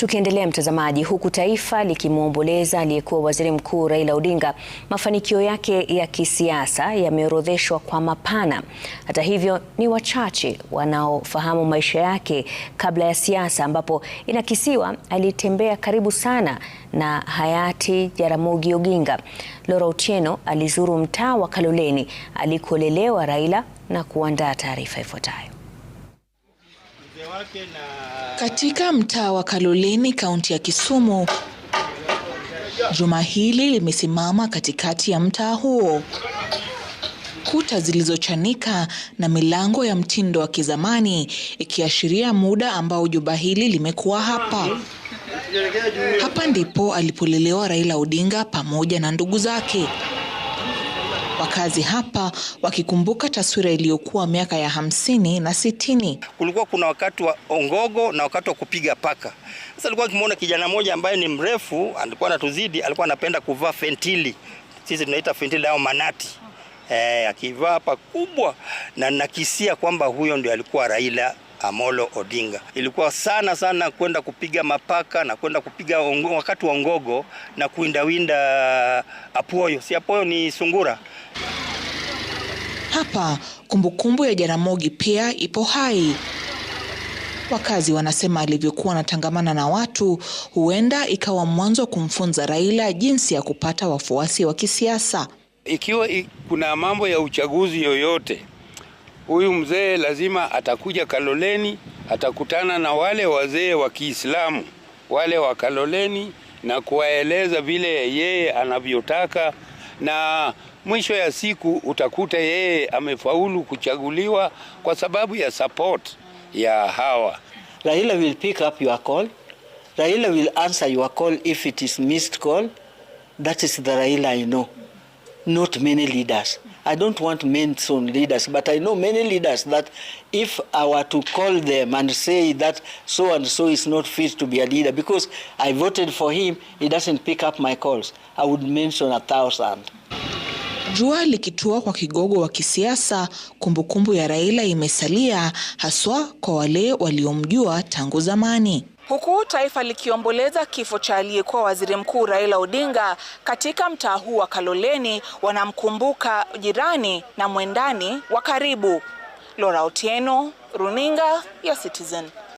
Tukiendelea mtazamaji, huku taifa likimwomboleza aliyekuwa waziri mkuu Raila Odinga, mafanikio yake ya kisiasa yameorodheshwa kwa mapana. Hata hivyo, ni wachache wanaofahamu maisha yake kabla ya siasa, ambapo inakisiwa alitembea karibu sana na hayati Jaramogi Oginga. Lora Otieno alizuru mtaa wa Kaloleni alikolelewa Raila na kuandaa taarifa ifuatayo. Katika mtaa wa Kaloleni, kaunti ya Kisumu, juma hili limesimama katikati ya mtaa huo, kuta zilizochanika na milango ya mtindo wa kizamani ikiashiria muda ambao jumba hili limekuwa hapa. Hapa ndipo alipolelewa Raila Odinga pamoja na ndugu zake wakazi hapa wakikumbuka taswira iliyokuwa miaka ya hamsini na sitini. Kulikuwa kuna wakati wa ongogo na wakati wa kupiga paka. Sasa alikuwa kimwona kijana mmoja ambaye ni mrefu, alikuwa anatuzidi, alikuwa anapenda kuvaa fentili, sisi tunaita fentili au manati eh, akivaa hapa kubwa, na nakisia kwamba huyo ndio alikuwa Raila Amolo Odinga. Ilikuwa sana sana kwenda kupiga mapaka na kwenda kupiga ongo, wakati wa ongogo na kuindawinda apoyo, si apoyo ni sungura. Hapa kumbukumbu ya Jaramogi pia ipo hai. Wakazi wanasema alivyokuwa anatangamana na watu huenda ikawa mwanzo wa kumfunza Raila jinsi ya kupata wafuasi wa kisiasa. Ikiwa kuna mambo ya uchaguzi yoyote, huyu mzee lazima atakuja Kaloleni, atakutana na wale wazee wa Kiislamu wale wa Kaloleni na kuwaeleza vile yeye anavyotaka na mwisho ya siku utakuta yeye amefaulu kuchaguliwa kwa sababu ya support ya hawa. Raila will pick up your call. Raila will answer your call if it is missed call. That is the Raila I know. Not many leaders. I don't want mention leaders, but I know many leaders that if I were to call them and say that so and so is not fit to be a leader because I voted for him, he doesn't pick up my calls, I would mention a thousand. Jua likitua kwa kigogo wa kisiasa, kumbukumbu kumbu ya Raila imesalia haswa kwa wale waliomjua tangu zamani huku taifa likiomboleza kifo cha aliyekuwa waziri mkuu Raila Odinga. Katika mtaa huu wa Kaloleni wanamkumbuka jirani na mwendani wa karibu. Laura Otieno, runinga ya Citizen.